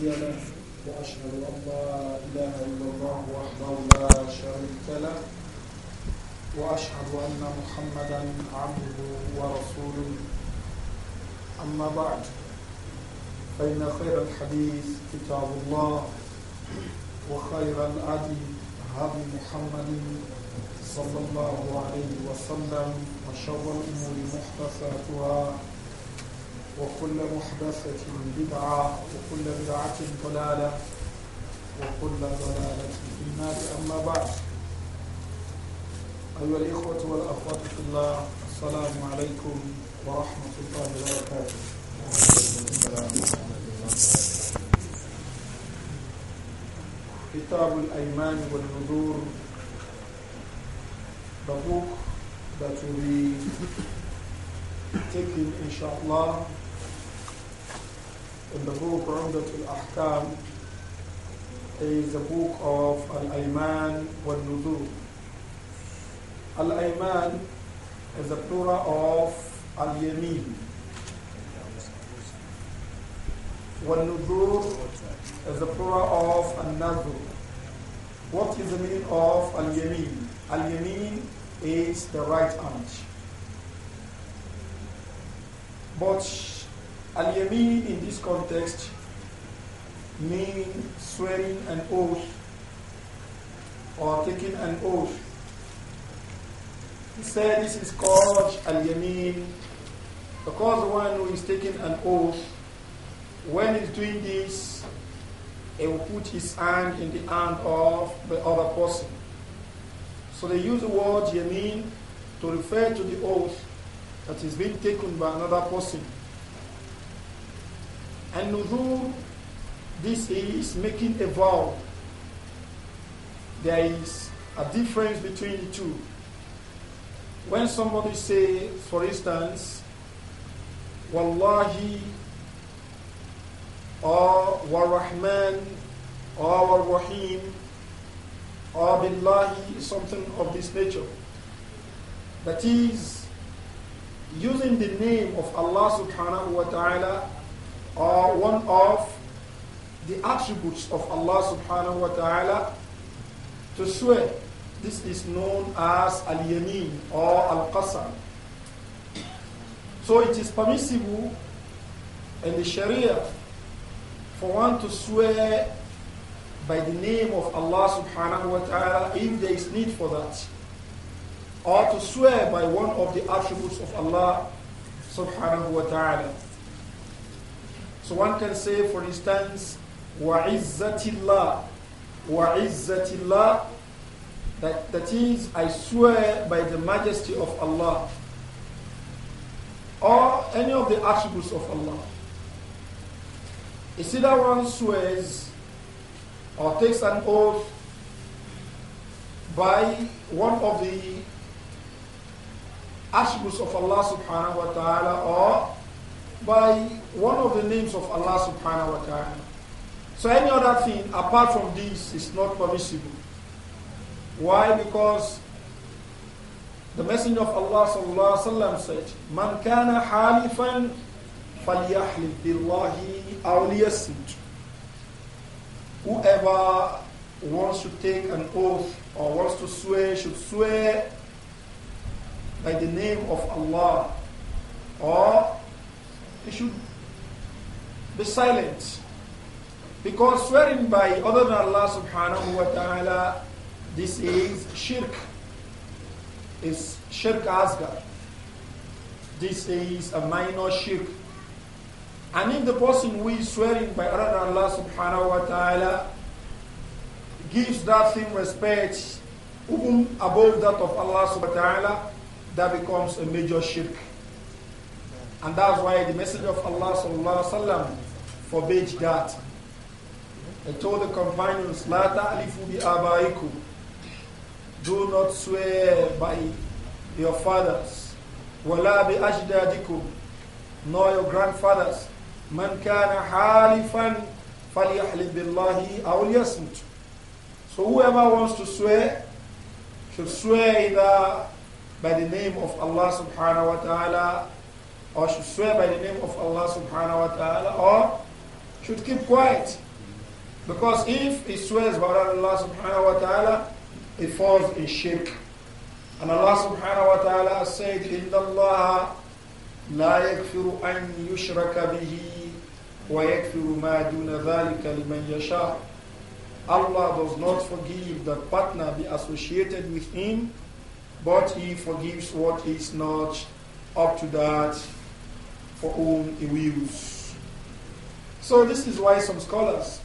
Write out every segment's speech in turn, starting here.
هادي وأشهد أن لا إله إلا الله وحده لا شريك له وأشهد أن محمدا عبده ورسوله أما بعد فإن خير الحديث كتاب الله وخير الأدي هدي محمد صلى الله عليه وسلم وشر الأمور محدثاتها وكل محدثة بدعة وكل بدعة ضلالة وكل ضلالة في النار أما بعد أيها الإخوة والأخوات في الله السلام عليكم ورحمة الله وبركاته كتاب الأيمان والنذور The book that will be taken, inshallah, in the book Umdatul Ahkam is the book of Al-Ayman wal Nudur. Al-Ayman is the plural of Al-Yamin. Wal Nudur is the plural of Al-Nadur. What is the meaning of Al-Yamin? Al-Yamin is the right hand. But Al Yamin in this context means swearing an oath or taking an oath. He said this is called Al Yamin because the one who is taking an oath, when he's doing this, he will put his hand in the hand of the other person. So they use the word Yamin to refer to the oath that is being taken by another person. And although this is making a vow. There is a difference between the two. When somebody say, for instance, Wallahi or Warrahman or Warrahim or Billahi, something of this nature. That is using the name of Allah subhanahu wa ta'ala or one of the attributes of Allah subhanahu wa ta'ala to swear. This is known as al-yamin or al-qasam. So it is permissible in the Sharia for one to swear by the name of Allah subhanahu wa ta'ala if there is need for that. Or to swear by one of the attributes of Allah subhanahu wa ta'ala. So one can say, for instance, وَعِزَّةِ اللَّهِ وَعِزَّةِ اللَّهِ that, that is, I swear by the majesty of Allah or any of the attributes of Allah. It's either one swears or takes an oath by one of the attributes of Allah subhanahu wa ta'ala or by one of the names of Allah subhanahu wa ta'ala. So any other thing apart from this is not permissible. Why? Because the Messenger of Allah sallallahu alaihi wasallam said, "Man kana halifan falyahlif billahi aw Whoever wants to take an oath or wants to swear should swear by the name of Allah or he should be silent. Because swearing by other than Allah subhanahu wa ta'ala, this is shirk. Is shirk asgar. This is a minor shirk. And if the person who is swearing by other than Allah subhanahu wa ta'ala gives that thing respect above that of Allah subhanahu wa ta'ala, that becomes a major shirk. And that's why the message of Allah وسلم, forbade that. He told the companions, La ta'alifu bi abaikum. Do not swear by your fathers. Wala bi ajdadikum. Nor your grandfathers. Man kana halifan falyahlib billahi aw liyasmut. So whoever wants to swear should swear either by the name of Allah subhanahu wa ta'ala or should swear by the name of Allah subhanahu wa ta'ala or should keep quiet. Because if he swears by Allah subhanahu wa ta'ala, he falls in shirk. And Allah subhanahu wa ta'ala said, إِنَّ اللَّهَ لَا يَكْفِرُ أَن يُشْرَكَ بِهِ وَيَكْفِرُ مَا دُونَ ذَلِكَ لِمَنْ يَشَاءُ Allah does not forgive the partner be associated with him, but he forgives what is not up to that for whom he wills. So this is why some scholars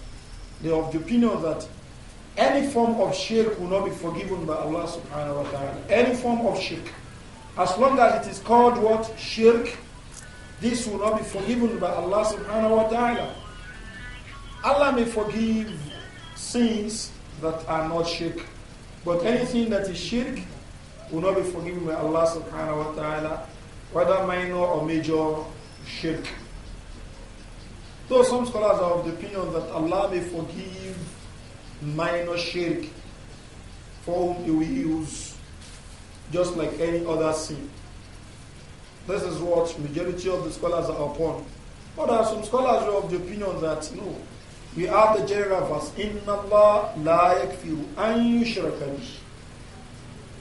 they are of the opinion that any form of shirk will not be forgiven by Allah subhanahu wa ta'ala. Any form of shirk. As long as it is called what? Shirk. This will not be forgiven by Allah subhanahu wa ta'ala. Allah may forgive sins that are not shirk. But anything that is shirk will not be forgiven by Allah subhanahu wa ta'ala, whether minor or major shirk. Though some scholars are of the opinion that Allah may forgive minor shirk for whom He will use just like any other sin. This is what majority of the scholars are upon. But there are some scholars who are of the opinion that no, we have the general verse, Inna Allah la yakfiru an yushraka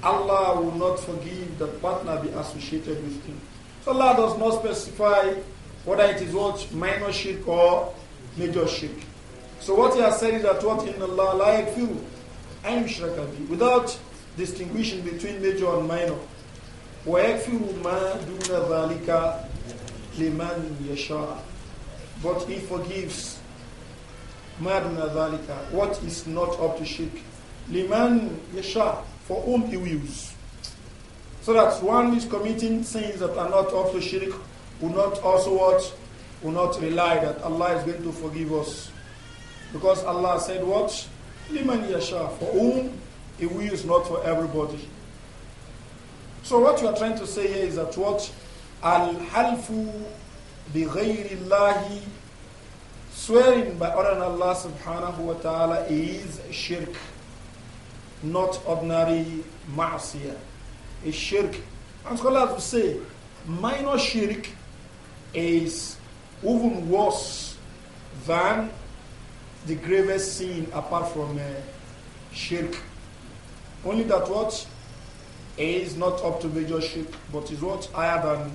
Allah will not forgive the partner be associated with him. So Allah does not specify whether it is what minor shirk or major shirk. So what he has said is that what in Allah like you and shrakabi without distinguishing between major and minor. وَيَكْفِرُ مَا دُونَ ذَلِكَ لِمَنْ يَشَاءُ But he forgives مَا دُونَ ذَلِكَ What is not up to shirk. لِمَنْ يَشَاءُ For whom he wills. So that one who is committing sins that are not also shirk will not also what? Will not rely that Allah is going to forgive us. Because Allah said what? Liman yasha, for whom He wills, not for everybody. So what you are trying to say here is that what? Al-halfu bi ghayrillahi swearing by other than Allah subhanahu wa ta'ala is shirk, not ordinary ma'siyah shirk. And scholars will say minor shirk is even worse than the gravest sin apart from a uh, shirk. Only that what is not up to major shirk, but is what higher than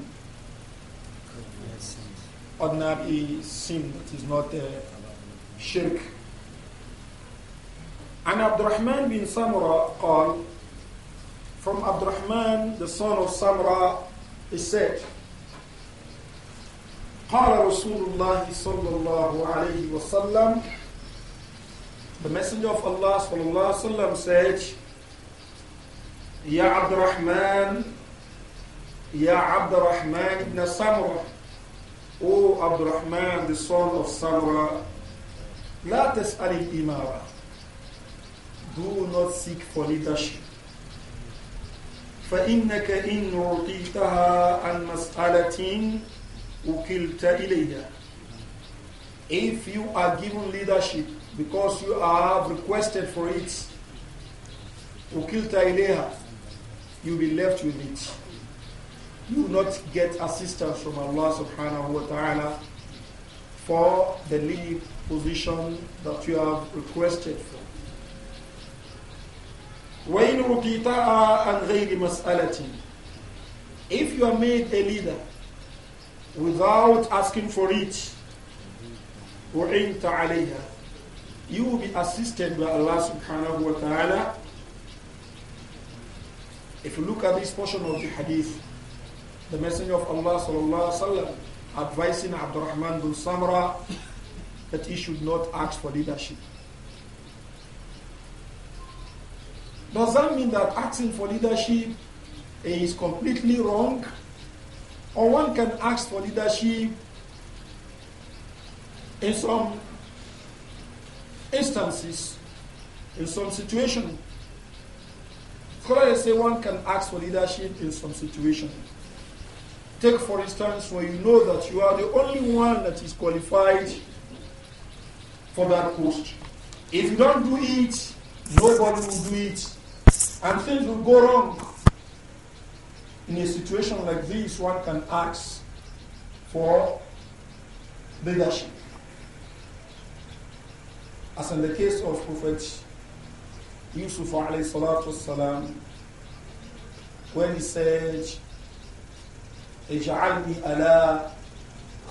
ordinary sin that is not a uh, shirk. And عبد bin بن called from Abdurrahman, the son of Samra, he said, قال رسول الله صلى الله عليه وسلم The Messenger of Allah صلى الله عليه وسلم said يا عبد الرحمن يا عبد الرحمن بن سمرة O عبد الرحمن the son of Samra لا تسأل الإمارة Do not seek for leadership فإنك إن أعطيتها عن مسألة وكلت إليها If you are given leadership because you have requested for it, وكلت إليها, you will be left with it. You will not get assistance from Allah subhanahu wa ta'ala for the lead position that you have requested for. If you are made a leader without asking for it, You will be assisted by Allah subhanahu wa ta'ala. If you look at this portion of the hadith, the Messenger of Allah sallallahu alaihi wasallam advising Abdurrahman bin Samra that he should not ask for leadership. Does that mean that asking for leadership is completely wrong? Or one can ask for leadership in some instances, in some situation. Scholars say one can ask for leadership in some situation. Take, for instance, when you know that you are the only one that is qualified for that post. If you don't do it, nobody will do it and things will go wrong. In a situation like this, one can ask for leadership. As in the case of Prophet Yusuf alayhi salatu salam, when he said, اجعلني على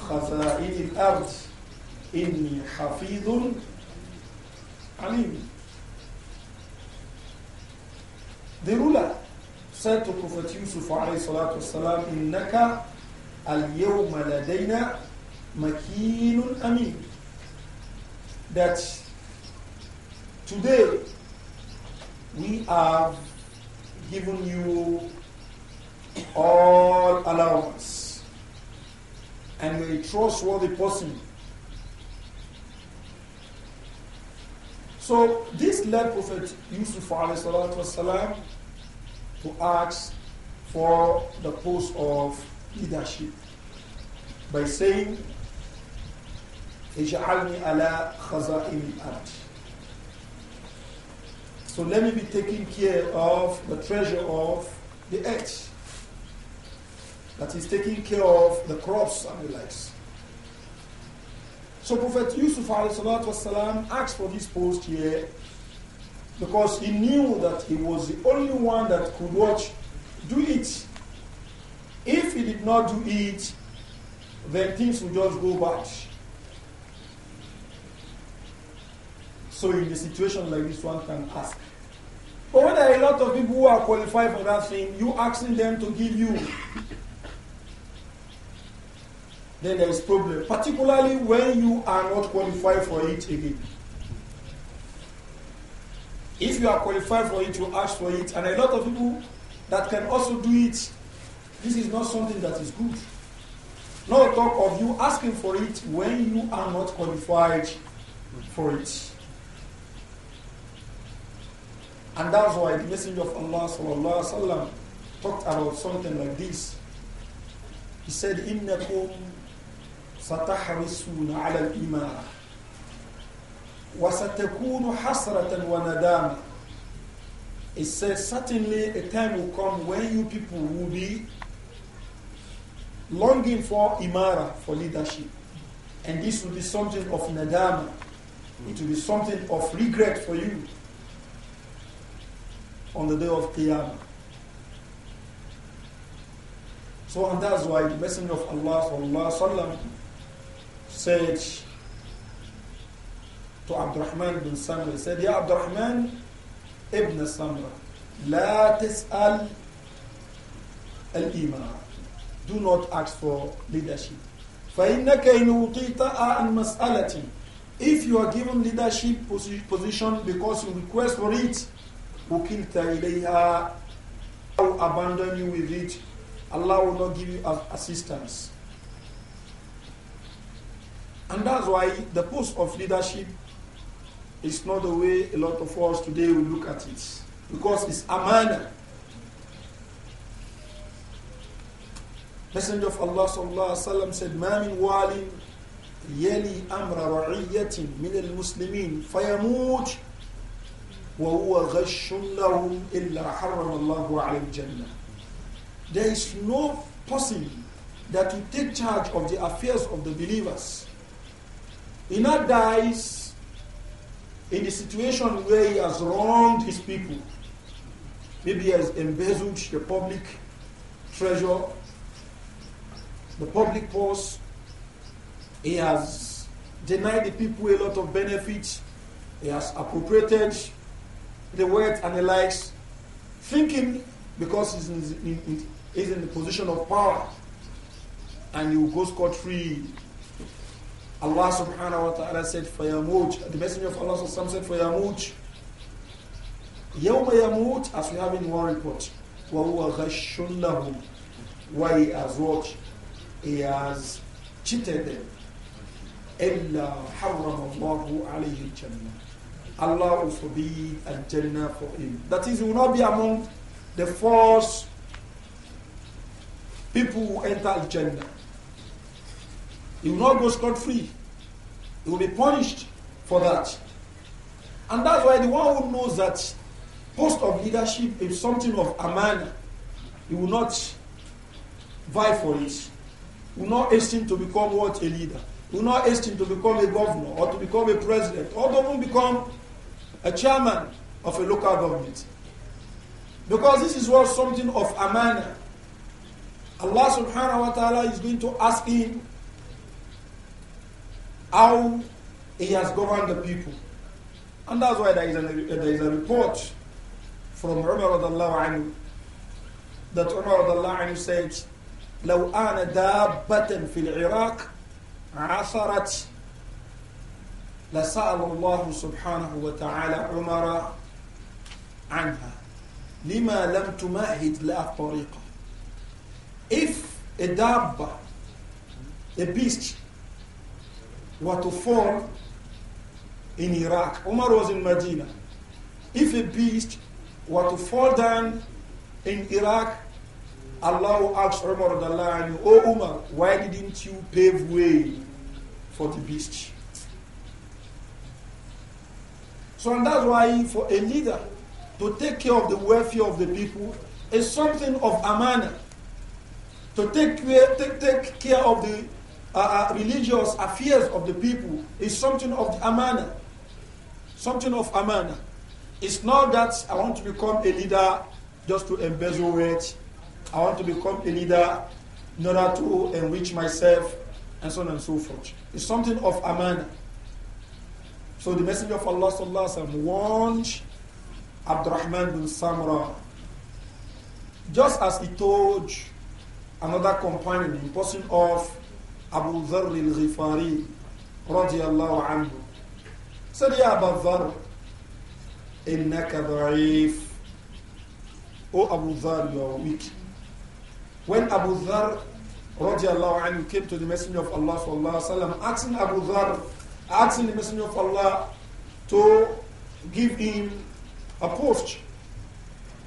خزائن الأرض إني حفيظ عليم the ruler said to Prophet Yusuf alayhi salatu wasalam, إِنَّكَ الْيَوْمَ لَدَيْنَا مَكِينٌ أَمِينٌ That today we have given you all allowance and you a trustworthy person So this led Prophet Yusuf والسلام, to ask for the post of leadership by saying, so let me be taking care of the treasure of the earth. That is taking care of the crops and the likes. So Prophet Yusuf والسلام, asked for this post here because he knew that he was the only one that could watch, do it. If he did not do it, then things would just go bad. So in a situation like this, one can ask. But when there are a lot of people who are qualified for that thing, you asking them to give you then there is problem, particularly when you are not qualified for it again. If you are qualified for it, you ask for it, and a lot of people that can also do it, this is not something that is good. No talk of you asking for it when you are not qualified for it. And that's why the Messenger of Allah sallallahu alaihi wasallam talked about something like this. He said, ستحرصون على الإمارة وستكون حسرة وندامة It says certainly a time will come when you people will be longing for imara, for leadership. And this will be something of nadama. It will be something of regret for you on the day of Qiyamah. So and that's why the Messenger of Allah sallallahu said to Abdurrahman bin Samra, he said, Ya Abdurrahman ibn Samra, لا تسأل الإمام Do not ask for leadership. فإنك إن أوطيت عن مسألة If you are given leadership position because you request for it, وكلت إليها, I will abandon you with it. Allah will not give you assistance. And that's why the post of leadership is not the way a lot of us today will look at it. Because it's a man. Messenger of Allah sallallahu alaihi wasallam said, "Mamin min walin yali amra ra'iyatin min al-muslimin fayamut wa huwa ghashun lahum illa harrama Allahu 'alayhi jannah." There is no person that will take charge of the affairs of the believers he now dies in the situation where he has wronged his people. Maybe he has embezzled the public treasure, the public purse. He has denied the people a lot of benefits. He has appropriated the wealth and the likes, thinking because he's in, in, in, he's in the position of power and he will go scot free Allah subhanahu wa ta'ala said, Fayamuj. The Messenger of Allah said, Fayamuj. Yawma Yamut, as we have in one report. وَهُوَ غَشٌّ لَهُمْ Why he has what? He has cheated them. إِلَّا حَرَّمَ اللَّهُ عَلَيْهِ الْجَنَّةِ Allah will forbid Al-Jannah for him. That is, he will not be among the first people who enter Al-Jannah. He will not go scot free. He will be punished for that. And that's why the one who knows that post of leadership is something of aman, he will not vie for it. He will not hasten to become what a leader. He will not hasten to become a governor or to become a president or to even become a chairman of a local government. Because this is what something of man. Allah subhanahu wa ta'ala is going to ask him how he has governed the people. And that's why there is, an, there is a report from Umar anhu, that Umar anhu said, لو أنا دابة في العراق عثرت لسأل الله سبحانه وتعالى عمر عنها لما لم تمهد لها الطريقة If a dabba, a beast were to form in Iraq, Umar was in Medina. If a beast were to fall down in Iraq, Allah asked Umar, Oh Umar, why didn't you pave way for the beast? So, and that's why for a leader to take care of the welfare of the people is something of amanah To take, take, take care of the uh, uh, religious affairs of the people is something of amana. Something of amana. It's not that I want to become a leader just to embezzle it. I want to become a leader in order to enrich myself and so on and so forth. It's something of amana. So the Messenger of Allah sallallahu alaihi wasallam warned Abdurrahman bin Samra just as he told another companion in person of Abu Dharr al-Ghifari radiallahu anhu said, Ya Abu Dharr, innaka da'if. O Abu Dharr, you are weak. When Abu Dharr radiallahu anhu came to the Messenger of Allah sallallahu alaihi wasallam, asking Abu Dharr, asking the Messenger of Allah to give him a post,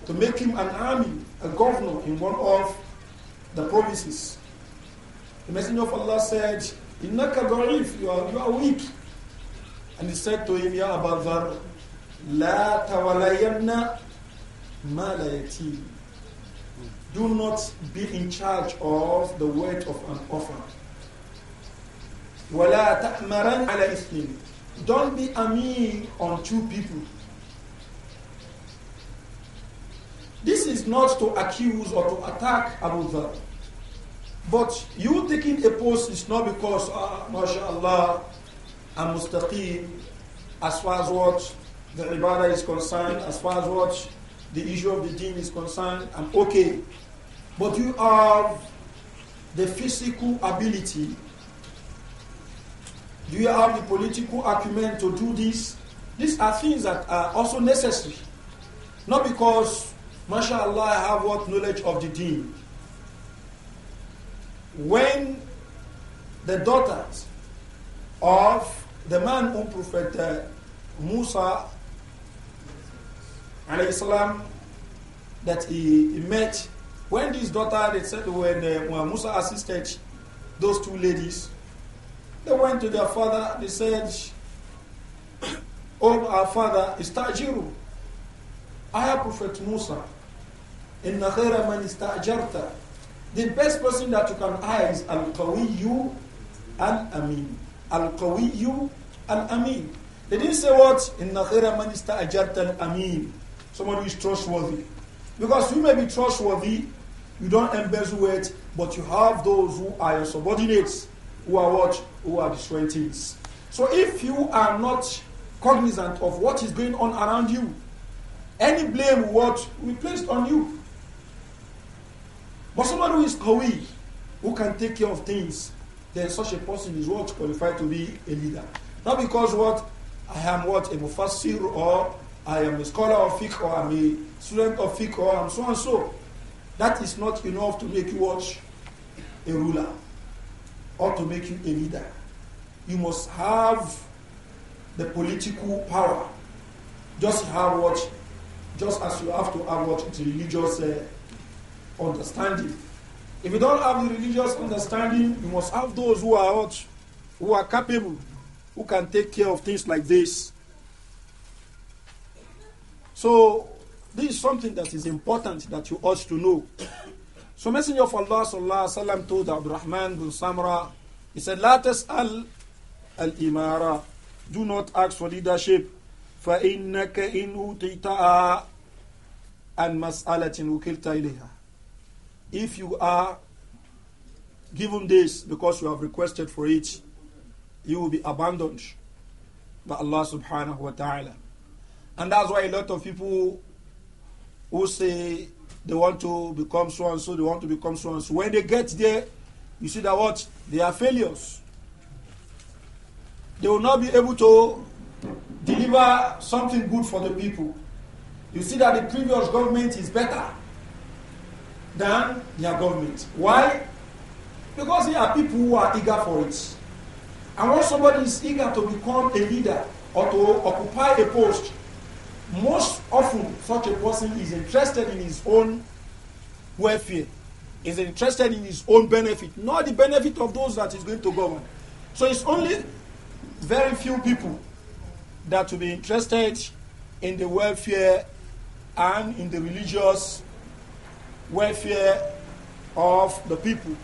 to make him an army, a governor in one of the provinces. The Messenger of Allah said, Innaka da'if, you are, you are weak. And he said to him, Ya Abu Dhar, La tawalayanna ma la Do not be in charge of the weight of an orphan. وَلَا تَأْمَرَنْ عَلَى إِثْنِينَ Don't be amin on two people. This is not to accuse or to attack Abu Dhar. But you taking a post is not because, ah, mashallah, I'm mustaqim, as far as what the ibadah is concerned, as far as what the issue of the deen is concerned, I'm okay. But you have the physical ability. Do you have the political acumen to do this? These are things that are also necessary. Not because, mashallah, I have what knowledge of the deen when the daughters of the man whom Prophet uh, Musa salam, that he, he, met, when these daughter, they said when, uh, when Musa assisted those two ladies, they went to their father, they said, Oh, our father, istajiru. I have Prophet Musa. إن خير من استأجرت the best person that you can hire is Al Qawiyu Al Amin. Al Qawiyu Al Amin. They didn't say what? In Nakhira Minister Ajat Al Amin. Someone who is trustworthy. Because you may be trustworthy, you don't embezzle it, but you have those who are your subordinates, who are what? Who are destroying things. So if you are not cognizant of what is going on around you, any blame what we placed on you but somebody who is kawi, who can take care of things, then such a person is what qualified to be a leader. Not because what I am what a mufassir or I am a scholar of fiqh or I'm a student of fiqh or I'm so and so. That is not enough to make you watch a ruler or to make you a leader. You must have the political power. Just have what, just as you have to have what the religious uh, understanding. If you don't have the religious understanding, you must have those who are out, who are capable, who can take care of things like this. So, this is something that is important that you ought to know. So, Messenger of Allah sallallahu alaihi wasallam told Abdurrahman bin Samra, he said, "La tas'al al-imara, do not ask for leadership, فإنك إن أوتيتها عن مسألة وكلت إليها." if you are given this because you have requested for it, you will be abandoned by Allah subhanahu wa ta'ala. And that's why a lot of people who say they want to become so and so, they want to become so and so. When they get there, you see that what? They are failures. They will not be able to deliver something good for the people. You see that the previous government is better than their government. Why? Because there are people who are eager for it. And when somebody is eager to become a leader or to occupy a post, most often such a person is interested in his own welfare, is interested in his own benefit, not the benefit of those that is going to govern. So it's only very few people that will be interested in the welfare and in the religious welfare of the people,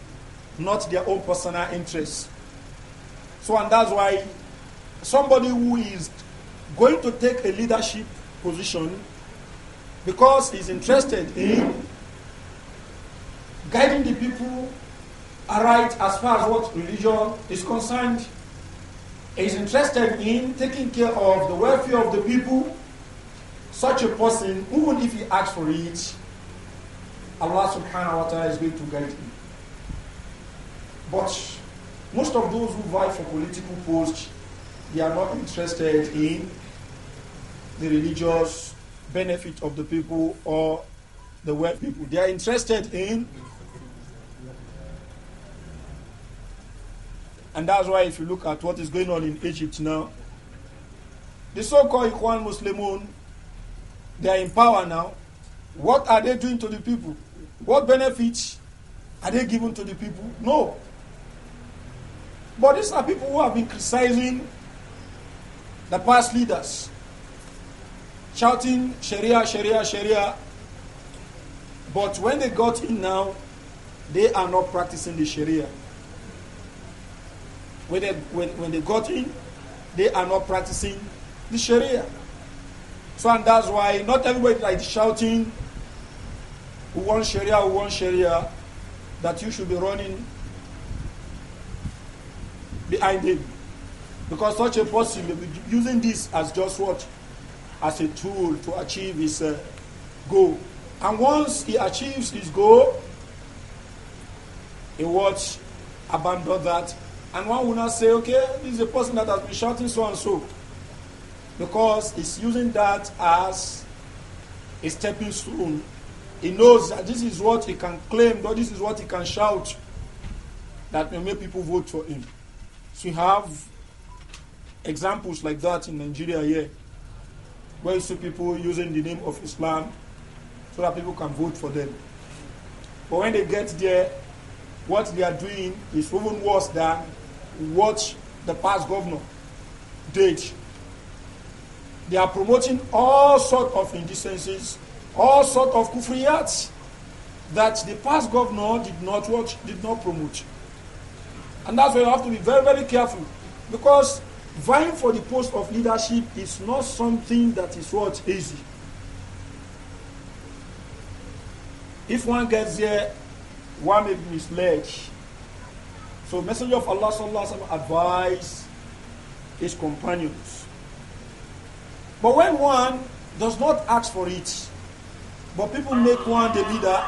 not their own personal interests. So, and that's why somebody who is going to take a leadership position because he's interested in guiding the people aright as far as what religion is concerned. is interested in taking care of the welfare of the people. Such a person, even if he asks for it, Allah subhanahu wa ta'ala is going to guide him. But most of those who vie for political posts, they are not interested in the religious benefit of the people or the wealth people. They are interested in And that's why if you look at what is going on in Egypt now, the so-called Ikhwan Muslimun, they are in power now. What are they doing to the people? What benefits are they given to the people? No. But these are people who have been criticizing the past leaders, shouting Sharia, Sharia, Sharia. But when they got in now, they are not practicing the Sharia. When they, when, when they got in, they are not practicing the Sharia. So, and that's why not everybody like shouting who Sharia, who Sharia, that you should be running behind him. Because such a person may be using this as just what? As a tool to achieve his uh, goal. And once he achieves his goal, he will Abandon that. And one will not say, okay, this is a person that has been shouting so and so. Because he's using that as a stepping stone he knows that this is what he can claim, or this is what he can shout that may make people vote for him. So we have examples like that in Nigeria here, where you see people using the name of Islam so that people can vote for them. But when they get there, what they are doing is even worse than what the past governor did. They are promoting all sorts of indecencies all sort of kufriyats that the past governor did not watch, did not promote. And that's why you have to be very, very careful because vying for the post of leadership is not something that is what easy. If one gets there, one may be misled. So Messenger of Allah sallallahu advised his companions. But when one does not ask for it, but people make one the leader,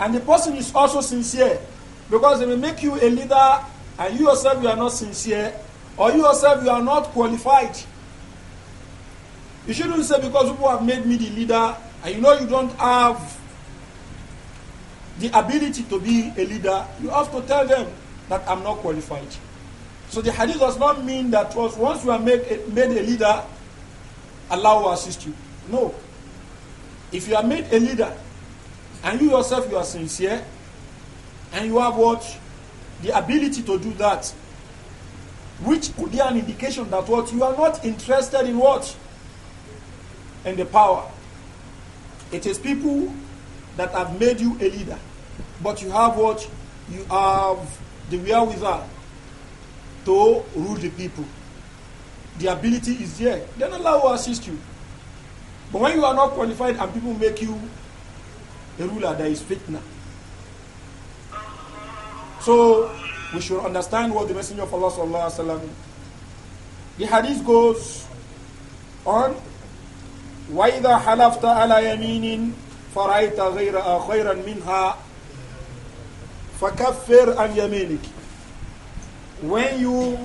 and the person is also sincere because they may make you a leader and you yourself you are not sincere or you yourself you are not qualified. You shouldn't say because people have made me the leader and you know you don't have the ability to be a leader, you have to tell them that I'm not qualified. So the hadith does not mean that once you are made a, made a leader, Allah will assist you. No. If you are made a leader and you yourself you are sincere and you have what the ability to do that, which could be an indication that what you are not interested in what in the power. It is people that have made you a leader, but you have what you have the will that to rule the people. The ability is there. Then Allah will assist you. But when you are not qualified and people make you a ruler, there is fitna. So we should understand what the Messenger of Allah sallallahu alaihi wasallam. The hadith goes on. وَإِذَا حَلَفْتَ عَلَى يَمِينٍ فَرَأَيْتَ غَيْرَهَا خَيْرًا مِنْهَا فَكَفِّرْ عَنْ يَمِينِكَ When you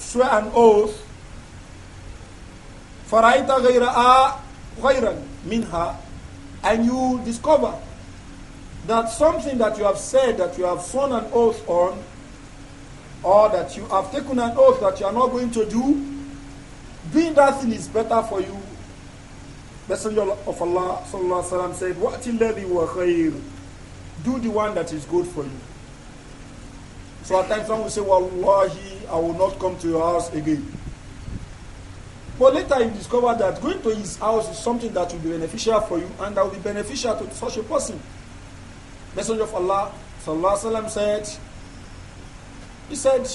swear an oath, فَرَأَيْتَ غَيْرَهَا khayran minha, and you discover that something that you have said, that you have sworn an oath on, or that you have taken an oath that you are not going to do, doing that thing is better for you. Messenger of Allah sallallahu alaihi wasallam said, "What الَّذِي وَخَيْرٌ Do the one that is good for you. So at times someone will say, Wallahi, I will not come to your house again. But later you discover that going to his house is something that will be beneficial for you and that will be beneficial to such a person. Messenger of Allah sallallahu alaihi wasallam said, he said,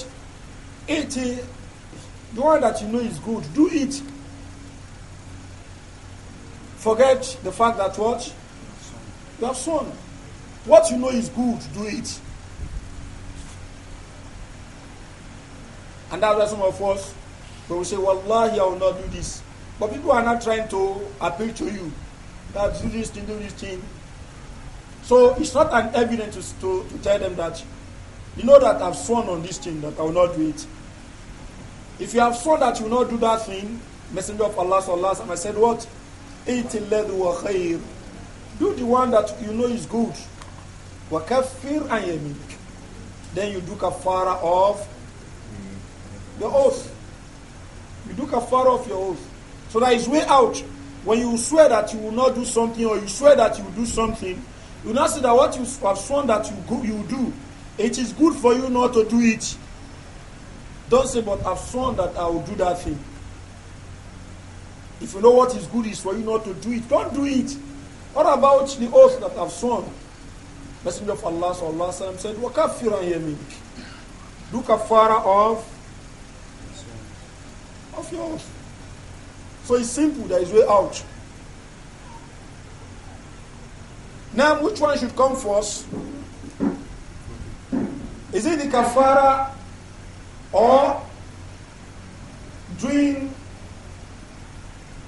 eh, the one that you know is good, do it. Forget the fact that what? You have What you know is good, do it. And that's why some of us but we say, Wallahi, I will not do this. But people are not trying to appeal to you that do this thing, do this thing. So it's not an evidence to, to, to tell them that, you know that I've sworn on this thing that I will not do it. If you have sworn that you will not do that thing, Messenger of Allah sallallahu alaihi wasallam said what? Do the one that you know is good. وَكَفِّرْ أَنْ Then you do kafara of mm. the oath. You do kafara of your oath. So that is way out. When you swear that you will not do something or you swear that you will do something, you now say that what you have sworn that you, go, you do, it is good for you not to do it. Don't say, but I've sworn that I will do that thing. If you know what is good is for you not to do it, don't do it. What about the oath that I've sworn? Messenger of Allah sallallahu alaihi said, "Wakafiran yamin." Do kafara of of yours. So it's simple, there is way out. Now, which one should come first? Is it the kafara or doing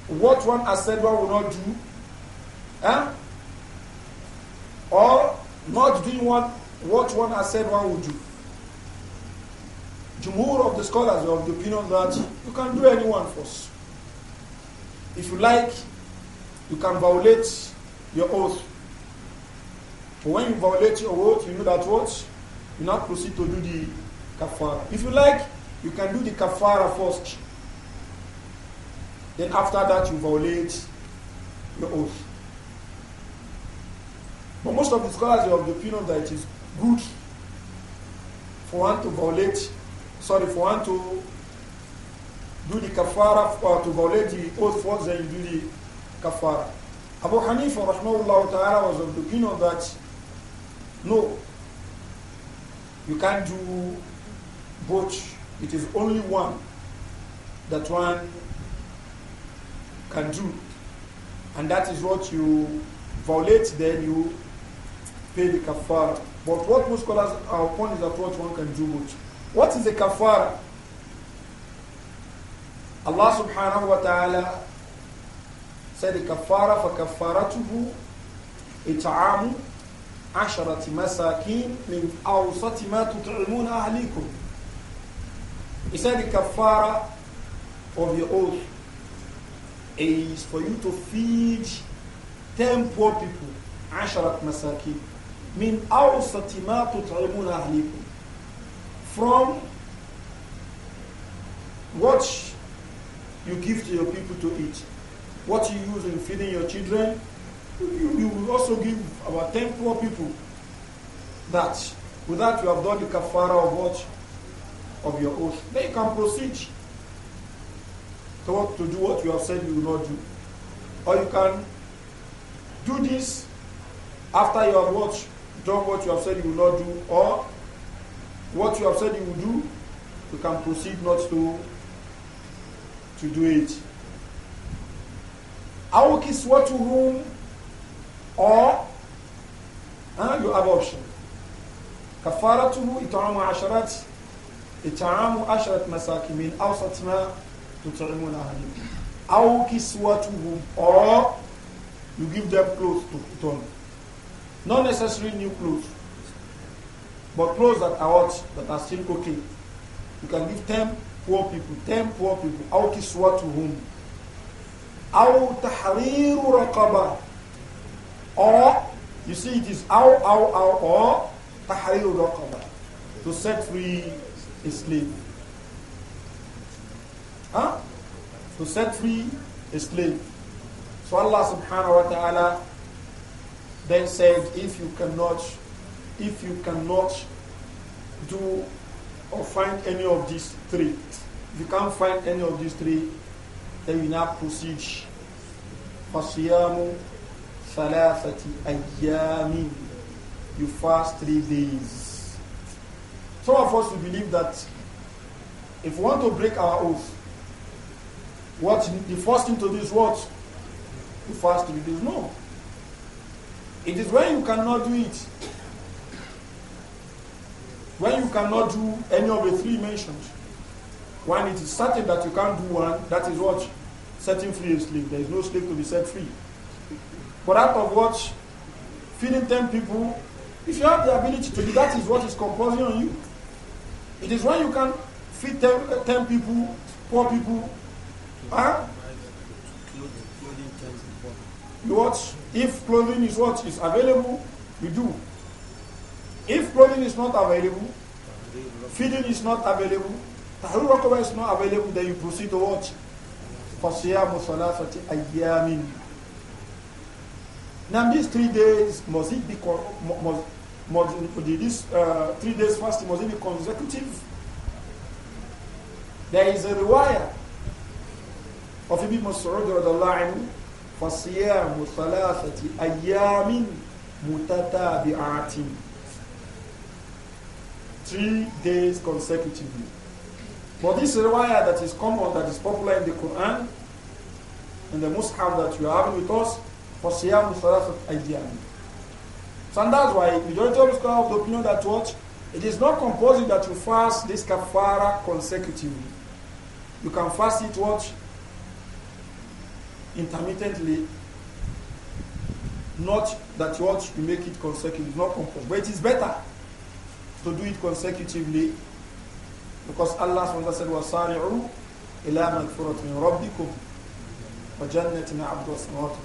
what one has said one will not do? Huh? Or not doing what, what one has said one will do? Jumhur of the scholars are of the opinion that you can do anyone force. If you like, you can violate your oath. But when you violate your oath, you know that what? You not proceed to do the kafara. If you like, you can do the kafara first. Then after that, you violate your oath. But most of the scholars are of the opinion that it is good for one to violate sorry, for one to do the kafara or uh, to violate the oath for then you do the kafara. Abu Hanifa rahmahullah ta'ala was of the opinion that no, you can't do both. It is only one that one can do. And that is what you violate, then you pay the kafara. But what most scholars are upon is that what one can do both. What is the kafara? Allah subhanahu wa ta'ala said the kafara فَكَفَّارَتُهُ إِطْعَامُ عَشَرَةِ مَسَاكِينَ مِنْ أَوْسَطِ مَا تُطْعِمُونَ أَهْلِكُمْ He said the kafara of your oath is for you to feed 10 poor people عَشَرَةِ مَسَاكِينَ مِنْ أَوْسَطِ مَا تُطْعِمُونَ أَهْلِكُمْ from what you give to your people to eat, what you use in feeding your children, you, you will also give about 10 poor people that. that, you have done the kafara of what? Of your oath. Then you can proceed to, what, to do what you have said you will not do. Or you can do this after you have what, done what you have said you will not do, or what you have said you will do, you can proceed not to to do it. Awok is what to room or uh, you have option. Kafara to who it arm asharat it arm asharat masaki mean awsatna to tell him. to room or you give them clothes to put on. Not necessarily new clothes. But clothes that are what? That are still cooking. You can give 10 poor people, 10 poor people. أو كسوتهم to تحرير رقبة Or, you see it out, out, out, or تحرير رقبة To set free a slave. Huh? To set free a slave. So Allah subhanahu wa ta'ala then said, if you cannot if you cannot do or find any of these three. If you can't find any of these three, then you now proceed. ثَلَاثَةِ You fast three days. Some of us, we believe that if we want to break our oath, what the first thing to do is what? To fast three days. No. It is when you cannot do it when you cannot do any of the three mentioned, when it is certain that you can't do one, that is what? Setting free a slave. There is no slave to be set free. But out of what? Feeding 10 people, if you have the ability to do that, is what is composing on you. It is when you can feed 10, ten people, poor people, huh? You watch. If clothing is what is available, you do. If clothing is not available, feeding is not available, tahrir rakaba is not available, then you proceed to watch. فَصِيَامُ ثَلَاثَةِ أَيَّامٍ Now these three days, must it be, must, must, this uh, three days fasting, must it be consecutive? There is a riwayah of Ibn Mas'ud radallahu anhu, فَصِيَامُ ثَلَاثَةِ أَيَّامٍ مُتَتَابِعَةٍ three days consecutively. But this riwayah that is common, that is popular in the Quran, and the Mus'haf that you have with us, for Siyam Salasat Ayyam. So and that's why majority of scholars of the opinion that what? It is not compulsory that you fast this kafara consecutively. You can fast it what? Intermittently. Not that watch you make it consecutive, not compulsory. But it is better to do it consecutively because Allah SWT said, وَصَارِعُوا إِلَى مَغْفُرَةٍ مِنْ رَبِّكُمْ وَجَنَّةٍ عَبْدُ وَسْمَوَاتٍ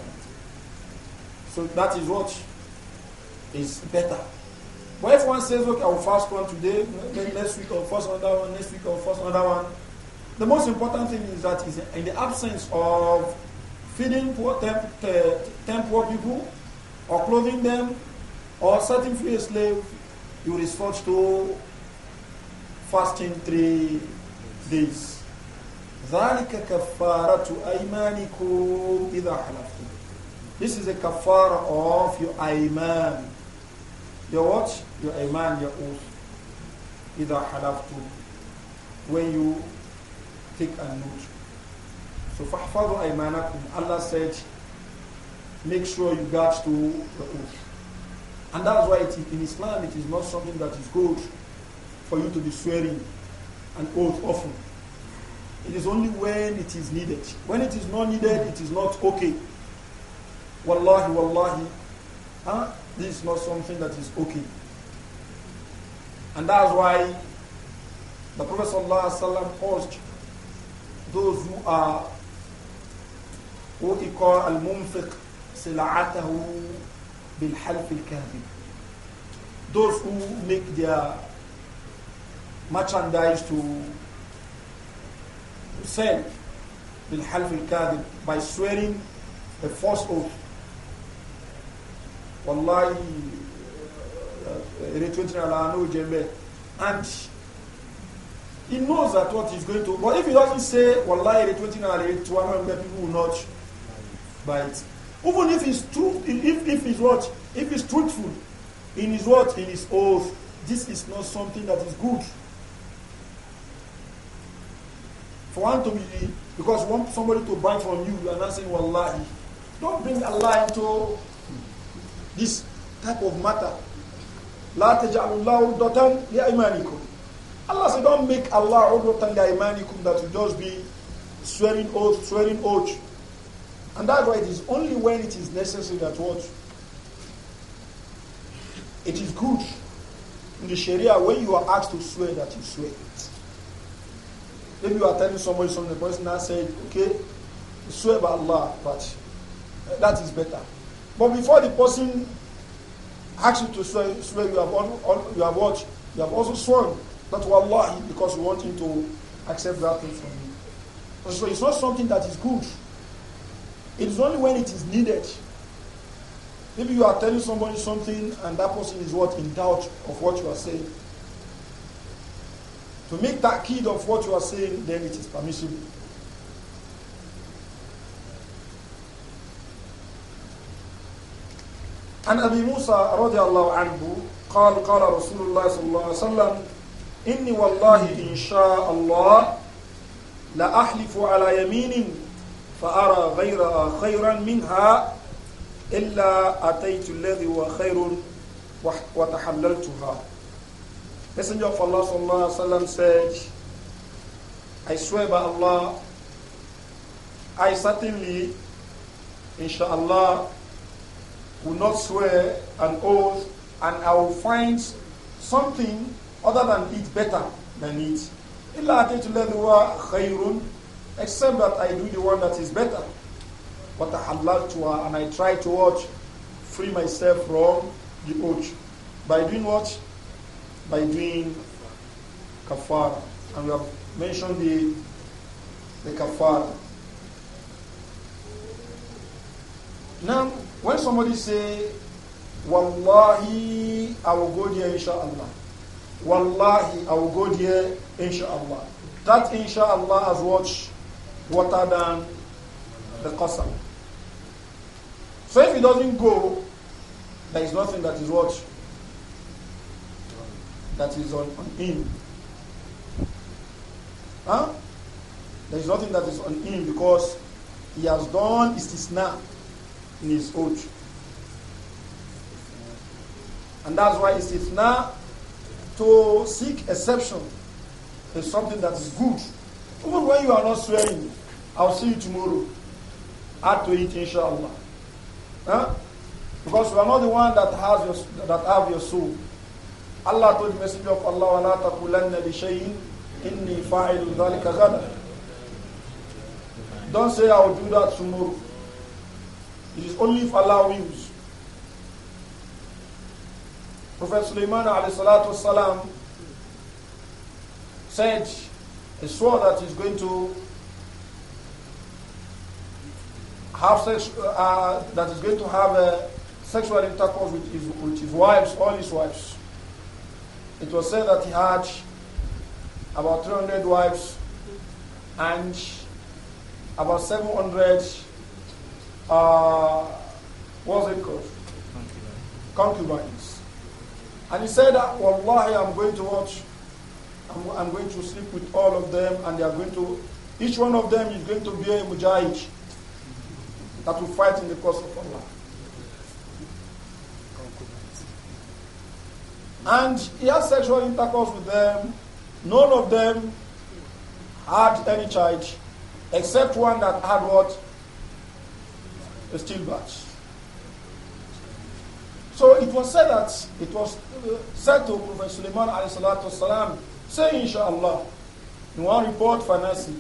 So that is what is better. But if one says, okay, I'll fast one today, next week I'll fast another one, next week I'll fast another one. The most important thing is that is in the absence of feeding poor, temp, eh, temp poor people, or clothing them, or setting free a slave, you resort to fasting three days. ذلك كفارة أيمانكم إذا حلفتم. This is a kafara of your iman. Your what? Your iman, your oath. إذا حلفتم. When you take an oath. So فاحفظوا أيمانكم. Allah said, make sure you guard to the oath. And that's why it is in Islam it is not something that is good for you to be swearing an oath often. It is only when it is needed. When it is not needed, it is not okay. Wallahi, wallahi. Huh? This is not something that is okay. And that's why the Prophet ﷺ urged those who are what he called al-munfiq sila'atahu بالحلف الكاذب those who make their merchandise to sell بالحلف الكاذب by swearing a false oath والله retweeting على and he knows that what he's going to but if he doesn't say والله people will not buy it even if it's true, if, if it's what, if it's truthful in his what, in his oath, this is not something that is good. For one to be, because want somebody to buy from you, you are not saying wallahi. Don't bring a lie into this type of matter. لا تجعلوا الله عرضة Allah said don't make Allah عرضة لأيمانكم that you just be swearing oath, swearing oath and that's why it is only when it is necessary that what? It is good in the Sharia when you are asked to swear that you swear it. Maybe you are telling somebody something, the person now said, okay, swear by Allah, but eh, that is better. But before the person asks you to swear, swear you, have, you have you have also sworn that to Allah because you want him to accept that thing from you. So it's not something that is good. It is only when it is needed. Maybe you are telling somebody something and that person is what in doubt of what you are saying. To make that kid of what you are saying, then it is permissible. عن أبي موسى رضي الله عنه قال قال رسول الله صلى الله عليه وسلم إني والله إن شاء الله لأحلف على يمين فأرى غيرها خيرا منها إلا أتيت الذي هو خير وتحللتها Messenger of Allah sallallahu alaihi wasallam said, I swear by Allah, I certainly, inshallah, will not swear an oath and I will find something other than it better than it. إلا أتيت الذي هو خير except that I do the one that is better. But I allow to her uh, and I try to watch, free myself from the urge By doing what? By doing kafar. And we have mentioned the, the kafar. Now, when somebody say, Wallahi, I will go there, inshallah. Wallahi, I will go there, inshallah. That inshallah has watched water than the qasam. So if it doesn't go, there is nothing that is what? That is on, on him. Huh? There is nothing that is on him because he has done istisna in his oath. And that's why istisna to seek exception is something that is good even when you are not swearing, I'll see you tomorrow. Add to it, inshallah. Huh? Because you are not the one that has your, that have your soul. Allah told the Messenger of Allah, وَلَا تَقُولَنَّ لِشَيْءٍ إِنِّي فَاعِلُ ذَلِكَ غَدًا Don't say, I will do that tomorrow. It is only if Allah wills. Prophet Sulaiman wasalam said, he swore that he's going to have sex, uh, that he's going to have a uh, sexual intercourse with his, with his wives, all his wives. It was said that he had about 300 wives and about 700 uh, what's it called? Concubines. And he said, Wallahi, I'm going to watch I'm going to sleep with all of them, and they are going to, each one of them is going to be a mujahid that will fight in the cause of Allah. And he had sexual intercourse with them. None of them had any child, except one that had what? A stillbirth. So it was said that it was uh, said to Prophet Suleiman alayhi salatu wasalam Say inshallah. In one report, Fanasi,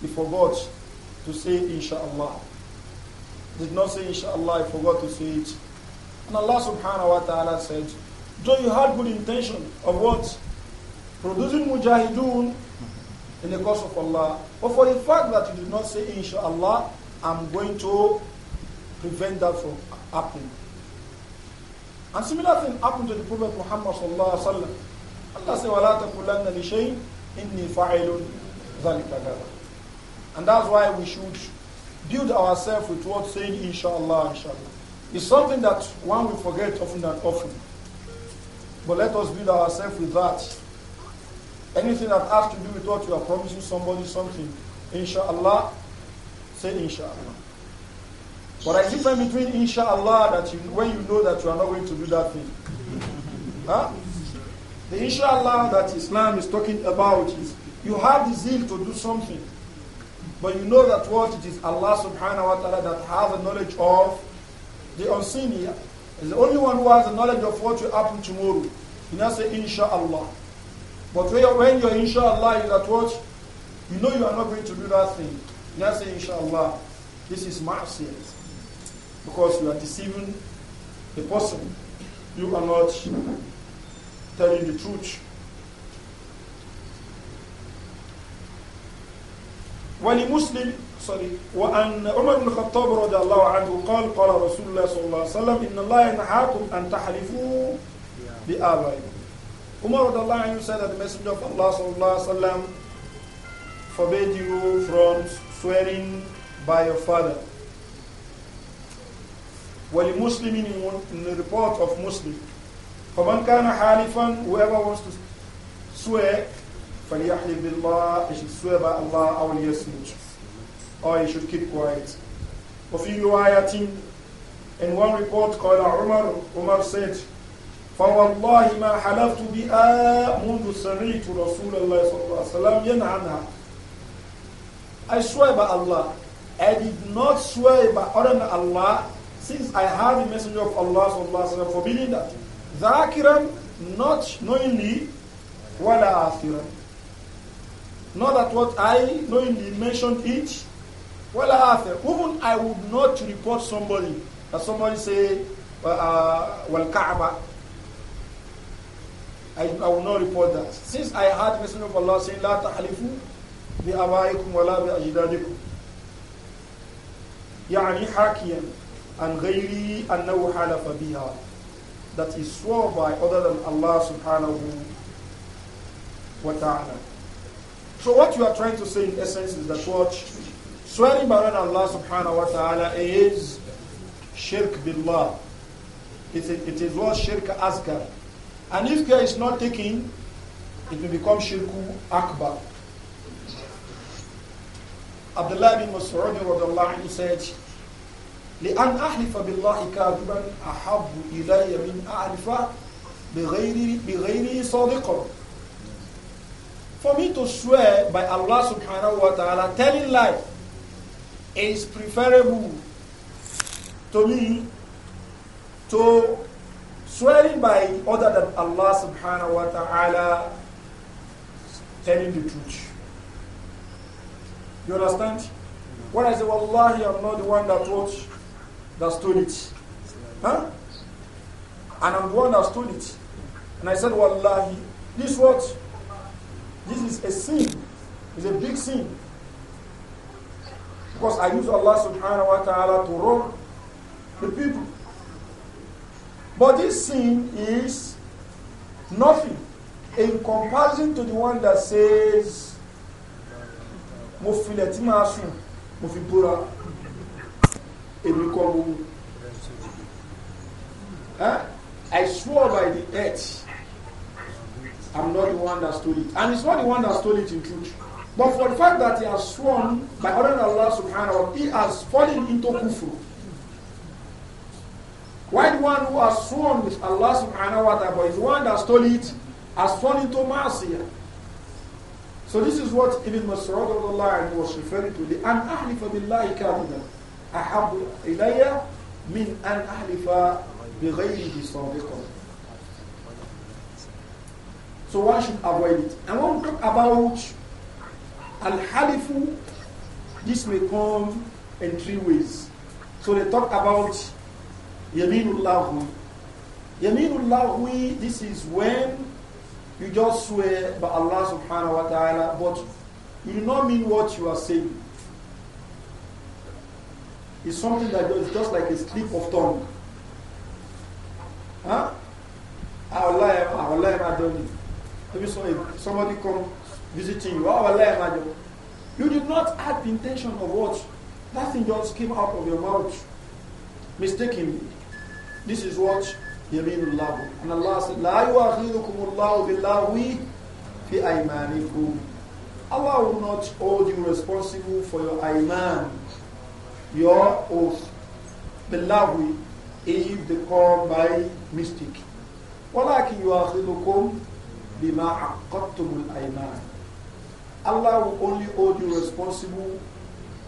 he forgot to say inshallah. Did not say inshallah, he forgot to say it. And Allah subhanahu wa ta'ala said, though you had good intention of what? Producing mujahidun in the cause of Allah. But for the fact that you did not say inshallah, I'm going to prevent that from happening. And similar thing happened to the Prophet Muhammad sallallahu alaihi wasallam. Allah says, وَلَا تَقُلَنَّ لِشَيْءٍ إِنِّي فَعِلٌ ذَلِكَ And that's why we should build ourselves with what saying, inshallah, inshallah. It's something that one will forget often and often. But let us build ourselves with that. Anything that has to do with what you are promising somebody something, inshallah, say inshallah. But I differ between inshallah that you, when you know that you are not going to do that thing. huh? The inshallah that Islam is talking about is you have the zeal to do something, but you know that what it is Allah subhanahu wa ta'ala that has the knowledge of the unseen here. Is the only one who has the knowledge of what will happen tomorrow. You not say inshallah. But when you're, when you're inshallah at what? You know you are not going to do that thing. You not say inshallah. This is ma'asiyah. Because you are deceiving the person. You are not telling the truth. ولمسلم sorry وأن عمر بن الخطاب رضي الله عنه قال قال رسول الله صلى الله عليه وسلم إن الله ينهاكم أن تحلفوا بآبائكم Umar رضي الله عنه said that the messenger of Allah صلى الله عليه وسلم forbade you from swearing by your father ولمسلم in the report of Muslim فَمَنْ كَانَ Whoever wants to swear, فَلْيَحْلِفْ بِاللَّهِ He should swear by Allah أَوْ لِيَسْمُتْ Or he should keep quiet. وَفِي رِوَايَةٍ In one report, قال عمر, Umar said, فوالله ما حلفت بها منذ سمعت رسول الله صلى الله عليه وسلم ينهى عنها I swear by Allah, I did not swear by other than Allah since I heard the messenger of Allah صلى forbidding that. Zakiran, not knowingly, wala asiran. Not that what I knowingly mentioned it, wala asir. Even I would not report somebody, that somebody say, uh, uh Kaaba. I, I will not report that. Since I heard message of Allah saying, La tahlifu bi abaikum wala bi ajdadikum. يعني حاكيا عن غيري أنه حلف بها that is swore by other than Allah subhanahu wa ta'ala. So what you are trying to say in essence is that what swearing by other than Allah subhanahu wa ta'ala is shirk billah. It is, it is what shirk asgar. And if care is not taken, it will become shirku akbar. Abdullah bin Mas'ud said, لأن أحلف بالله كاذبا أحب إلي من أعرف بغيره صادقا For me to swear by Allah subhanahu wa ta'ala telling lie is preferable to me to swearing by other than Allah subhanahu wa ta'ala telling the truth. You understand? When I say, Wallahi, I'm not the one that wrote that stole it. Huh? And I'm the one that stole it. And I said, Wallahi, this what? This is a sin. It's a big sin. Because I use Allah subhanahu wa ta'ala to wrong the people. But this sin is nothing in comparison to the one that says, Mo I swore by the earth I'm not the one that stole it and it's not the one that stole it in truth but for the fact that he has sworn by honor Allah subhanahu wa ta'ala he has fallen into kufr why the one who has sworn with Allah subhanahu wa ta'ala but is the one that stole it has fallen into masiya. so this is what Ibn Masrud was referring to. for the lie, كاذبا. أحب إلي من أن أحلف So one should avoid it. I want to talk about Al-Halifu. This may come in three ways. So they talk about Yaminullahu. Yaminullahu, this is when you just swear by Allah subhanahu wa ta'ala, but you do not mean what you are saying is something that is just like a slip of tongue. Huh? Allah, Allah, you Maybe somebody come visiting you. Allah, Adoni. You did not have the intention of what? Nothing just came out of your mouth mistakenly. This is what Yaminullah. And Allah said, La yu'akhidukum Allahu billahi fi aymanikum. Allah will not hold you responsible for your iman your oath, Billahi, if they come by mistake. ولكن يؤاخذكم بما عقدتم aiman. Allah will only hold you responsible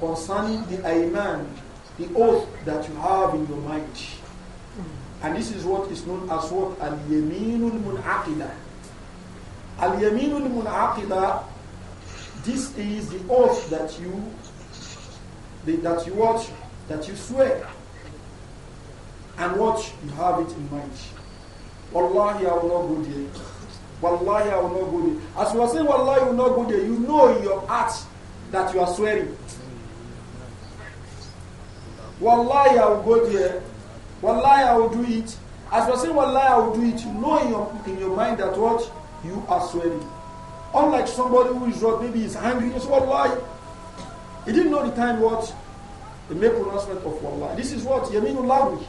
concerning the Ayman, the oath that you have in your mind. And this is what is known as what Al-Yaminul munaqida. Al-Yaminul munaqida, this is the oath that you that you watch, that you swear, and watch, you have it in mind. Wallahi, I will not go there. Wallahi, I will not go there. As you are saying, Wallahi, you will not go there, you know in your heart that you are swearing. Wallahi, I will go there. Wallahi, I will do it. As you are saying, Wallahi, I will do it, you know in your, in your mind that what? You are swearing. Unlike somebody who is what maybe is angry, you say, Wallahi, he didn't know the time what the mere pronouncement of Allah. This is what Yaminu Lawi.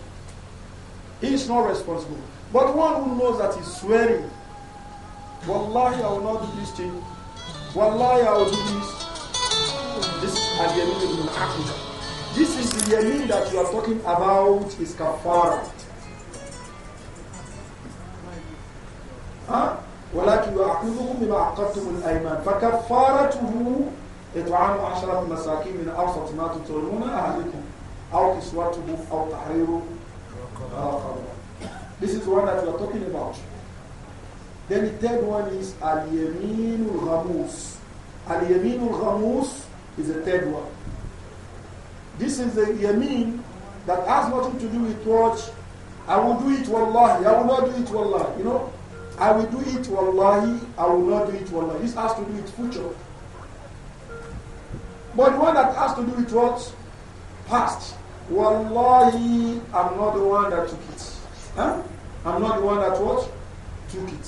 He is not responsible. But one who knows that he's swearing, Wallahi, I will not do this thing. Wallahi, I will do this. This is Al-Yamin This is the Yamin that you are talking about is kafara. ولكن يعقدهم بما عقدتم الايمان فكفارته إطعام عشرة مساكين من أوسط ما تطعمون أهلكم أو كسوتهم أو تحرير رقبة This is one that we are talking about. Then the third one is Al-Yamin al-Ghamus. Al-Yamin al-Ghamus is the third one. This is the Yamin that has nothing to do with what I will do it wallahi, I will not do it wallahi. You know, I will do it wallahi, I will not do it wallahi. This has to do with future. But the one that has to do with what? Past. Wallahi, I'm not the one that took it. Huh? I'm not the one that what? Took it.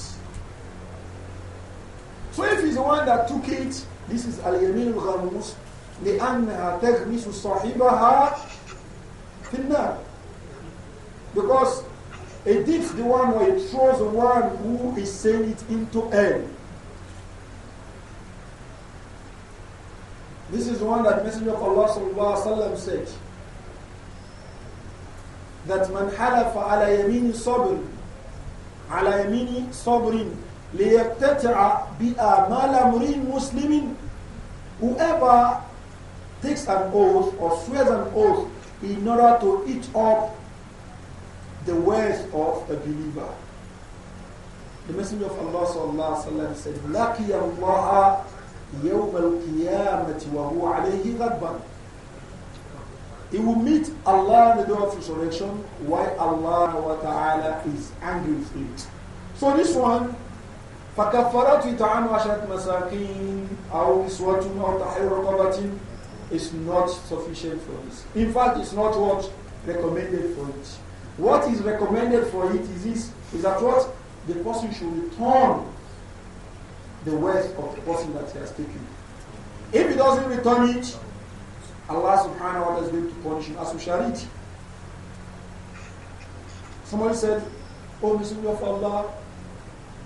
So if he's the one that took it, this is al-yamin al-ghamus لأنها تغمس صاحبها في النار because it is the one it throws the one who is saying it into hell This is one that Messenger of Allah وسلم, said that man halafa ala yamini sabr ala yamini sabrin liyaqtata'a bi'a mala murin muslimin whoever takes an oath or swears an oath in order to eat up the words of a believer the messenger of Allah sallallahu alaihi wasallam said يوم القيامة وهو عليه غضبان he will meet Allah in the day of resurrection while Allah wa ta'ala is angry with it. So this one, فَكَفَّرَتْ وِتَعَانُ عَشَرَةْ مَسَاكِينَ أَوْ إِسْوَةٌ أَوْ تَحْرِيرُ رَقَبَةٍ is not sufficient for this. In fact, it's not what recommended for it. What is recommended for it is this, is that what? The person should return the words of the person that he has taken. If he doesn't return it, Allah subhanahu wa ta'ala is going to punish him as we shall Somebody said, Oh Messenger of Allah,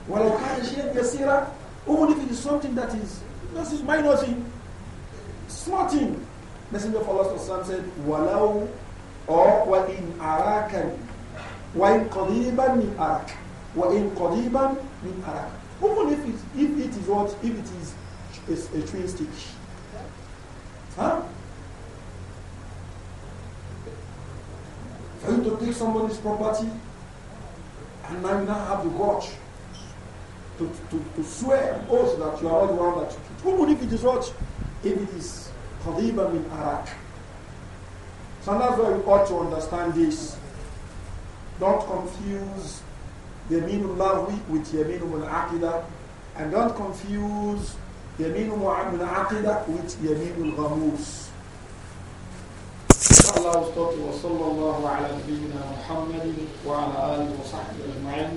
well, yasira, even if it is something that is, this is minor thing, small thing. Messenger of Allah said, Walau or wa in arakan, wa in qadiban min arak, wa in qadiban min arak. Even if it, if it is what, if it is a, a twin stick. Huh? For you to take somebody's property and now you now have the watch to, to, to swear an oath that you are not the one that you Even if it is what? If it is Khadiba in Iraq. So that's why you ought to understand this. Don't confuse يمين الله with يمين منعقدة and don't confuse يمين منعقدة with يمين الغموس الله والصلاة وصلى الله على نبينا محمد وعلى آله وصحبه أجمعين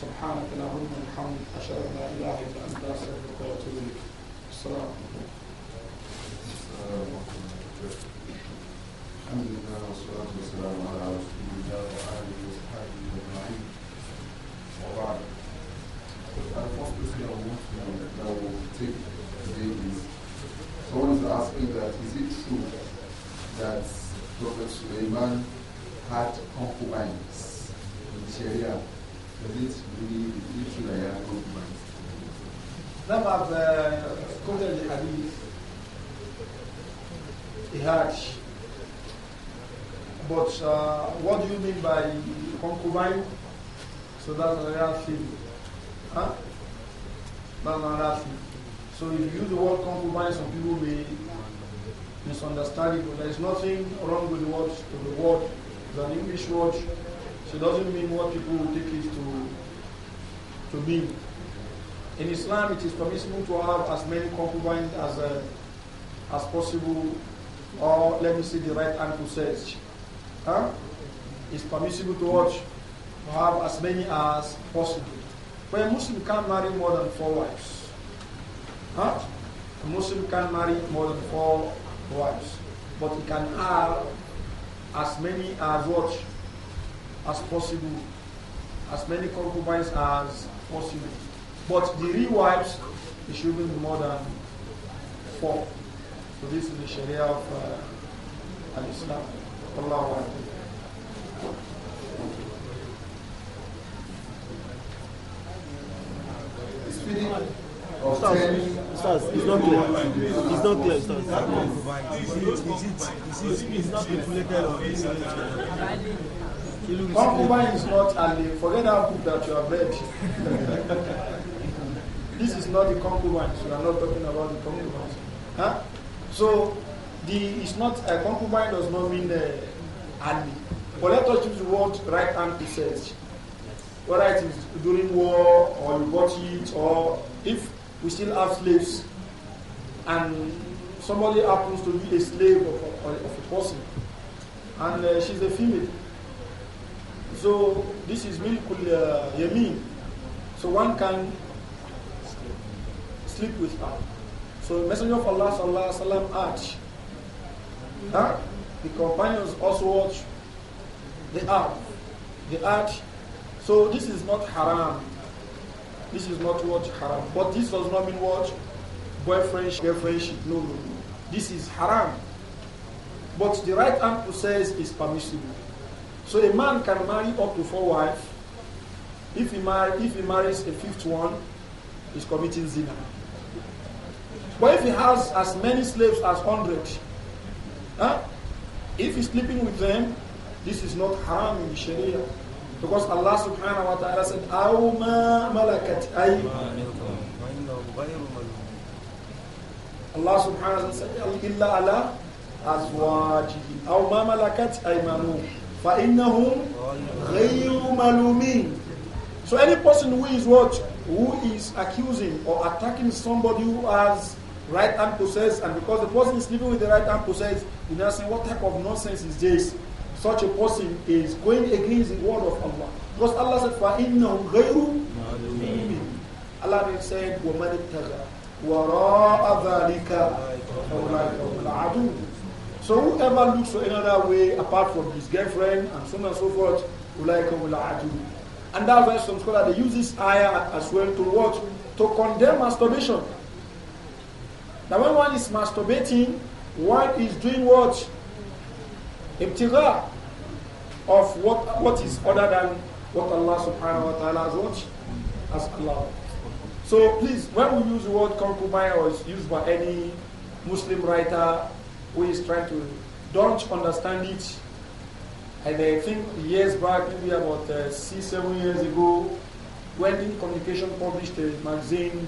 سبحانك اللهم الحمد أشهد أن لا إله إلا أنت أستغفرك وأتوب إليك السلام عليكم الحمد لله والصلاة والسلام على رسول الله وعلى آله So one is asking that is it true that Prophet Suleiman had concubines in Syria? concubines? He had uh, but uh, what do you mean by concubine? So that's another sin. Huh? That's another sin. So if you use the word compromise, some people may misunderstand it, but there is nothing wrong with the word. The word is an English word, so it doesn't mean what people will take it to, to mean. In Islam, it is permissible to have as many concubines as, uh, as possible, or let me see the right hand possessed. Huh? It's permissible to watch to have as many as possible. But a Muslim can't marry more than four wives. Huh? A Muslim can marry more than four wives. But he can have as many as what? As possible. As many concubines as possible. But the real wives, it shouldn't be more than four. So this is the Sharia of uh, Al-Islam. Allah spirit of telling Stars, it's not clear. It's not clear, Stars. Is it, is it, is it, is it stipulated or is it Concubine is not, and forget that book that you have read. this is not the concubines. We are not talking about the concubines. Huh? So, the it's not a concubine does not mean uh, Ali. But let us use the word right hand possessed whether it is during war or you bought it or if we still have slaves and somebody happens to be a slave of, a, of a person and uh, she's a female. So this is milkul uh, yamin. So one can sleep with her. So Messenger of Allah sallallahu alaihi wasallam urged huh? the companions also watch the art. The art so this is not haram. This is not what haram. But this does not mean what? Boyfriend, girlfriendship. no, no, no. This is haram. But the right hand says is permissible. So a man can marry up to four wives. If he, if he marries a fifth one, he's committing zina. But if he has as many slaves as 100, huh? if he's sleeping with them, this is not haram in the Sharia. Because Allah subhanahu wa ta'ala said, أَوْ مَا مَلَكَتْ Allah subhanahu wa ta'ala said, إِلَّا عَلَىٰ أَزْوَاجِهِ أَوْ مَا مَلَكَتْ أَيْمَانُهُمْ فَإِنَّهُمْ غَيْرُ مَلُومِينَ So any person who is what? Who is accusing or attacking somebody who has right hand possessed and because the person is living with the right hand possessed, you now saying, what type of nonsense is this? such a person is going against the word of Allah. Because Allah said, فَإِنَّهُ غَيْرُ مُؤْمِنٍ Allah then said, وَمَنِ ابْتَغَى وَرَاءَ ذَلِكَ So whoever looks for another way apart from his girlfriend and so on and so forth, أُولَٰئِكَ عَدُوٌ And that's why some scholars, they use this ayah as well to what? To condemn masturbation. Now when one is masturbating, one is doing what? ibtigha of what, what is other than what Allah subhanahu wa ta'ala has what? Has allowed. So please, when we use the word concubine or is used by any Muslim writer who is trying to, don't understand it. And I think years back, maybe about uh, six, seven years ago, when In Communication published a magazine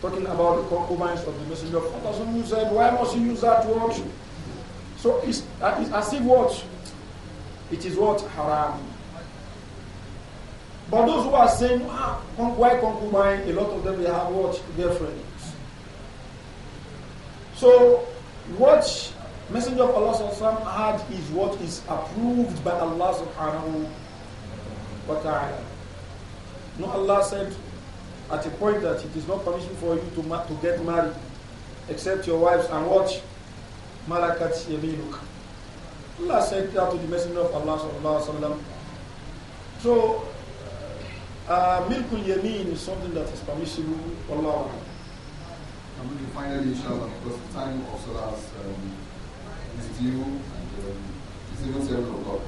talking about the concubines of the Messenger of Allah, someone said, why must you use that word? So uh, it's, as if what? It is what? Haram. But those who are saying, ah, why concubine? A lot of them, they have what? Girlfriends. So what Messenger of Allah sallam, had is what is approved by Allah subhanahu wa ta'ala. No, Allah said at a point that it is not permission for you to, to get married except your wives and what? malakat yaminuk Allah said that to the messenger of Allah sallallahu alaihi wasallam so uh, uh, milkul yamin is something that is permissible Allah and we finally inshallah because the time of Salah um, is due and um, it's even 7 o'clock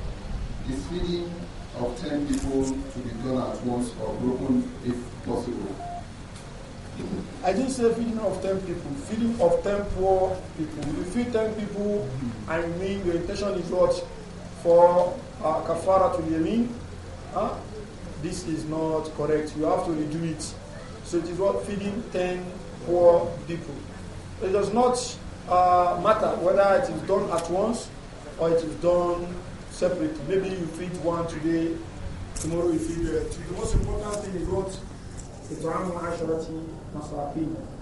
is feeding of 10 people to be done at once or broken if possible I didn't say feeding of 10 people, feeding of 10 poor people. You feed 10 people, I mean, your intention is what? For uh, kafara to yamin, huh? this is not correct. You have to redo it. So it is what feeding 10 poor people. It does not uh, matter whether it is done at once or it is done separately. Maybe you feed one today, tomorrow you feed uh, two. The most important thing is what? It's around people.